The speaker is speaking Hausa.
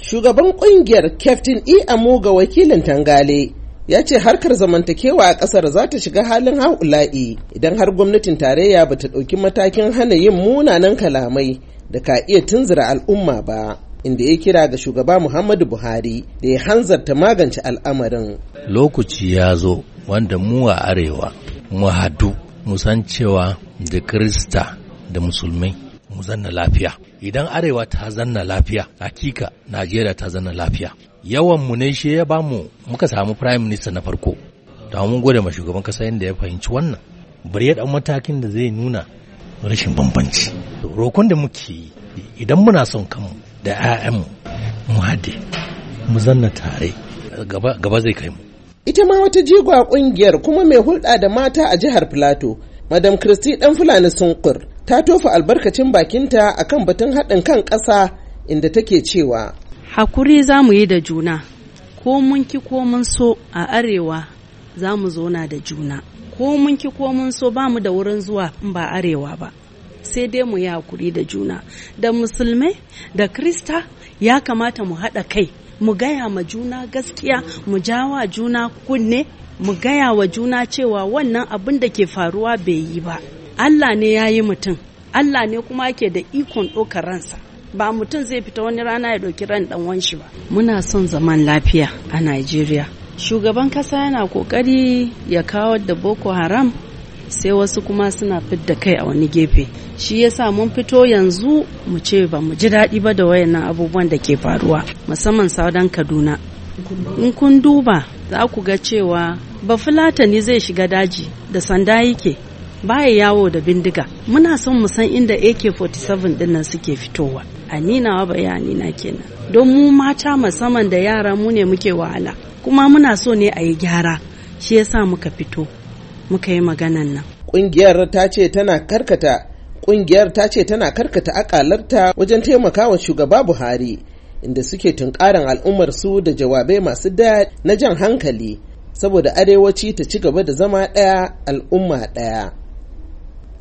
Shugaban kungiyar Captain E ga wakilin Tangale ya ce harkar zamantakewa a ƙasar za ta shiga halin haula'i idan har gwamnatin tarayya ba ta ɗauki matakin hana yin munanan kalamai da ka iya tunzura al'umma ba. inda ya kira ga shugaba Muhammadu Buhari da ya hanzarta magance al'amarin. Lokaci ya zo wanda mu a arewa mu hadu mu san cewa da Kirista da Musulmai mu zanna lafiya idan arewa ta zanna lafiya hakika najeriya ta zanna lafiya yawan mu ne shi ya bamu muka samu prime minister na farko da mun gode ma shugaban kasa yadda ya fahimci wannan bari ya dan matakin da zai nuna rashin bambanci rokon da muke yi idan muna son kanmu da 'ya'yanmu mu hade mu zanna tare gaba zai kai mu ita ma wata a kungiyar kuma mai hulɗa da mata a jihar plateau madam kristi dan fulani sunkur ta tofa albarkacin bakinta a kan batun haɗin kan ƙasa inda take cewa hakuri za mu yi da juna ko mun ki ko mun so a arewa za mu zauna da juna ko mun ki ko mun so ba mu da wurin zuwa in ba arewa ba sai dai mu yi hakuri da juna da musulmai da krista ya kamata mu haɗa kai mu gaya ma juna gaskiya mu jawa juna kunne mu gaya wa juna cewa wannan abin da ke faruwa bai yi ba Allah ne ya yi mutum Allah ne kuma ke da ikon ɗaukar ransa ba mutum zai fita wani rana ya ɗauki ran ɗan wanshi ba muna son zaman lafiya a Najeriya shugaban kasa yana kokari ya kawo da Boko Haram sai wasu kuma suna fidda kai a wani gefe shi yasa mun fito yanzu mu ce ba mu ji daɗi ba da wayannan abubuwan da ke faruwa musamman saudan kaduna in kun duba za ku ga cewa ba fulatani zai shiga daji da sanda yake baya yawo da bindiga muna son mu san inda AK47 dinnan suke fitowa wa bayani na kenan don mu mata musamman da yara mu ne muke wahala kuma muna so ne a yi gyara shi yasa muka fito muka yi maganan nan kungiyar ta ce tana karkata kungiyar ta ce tana karkata akalarta wajen taimakawa shugaba Buhari inda suke tunkaran al'ummar su da jawabai masu da na jan hankali saboda arewaci ta ci gaba da zama ɗaya al'umma ɗaya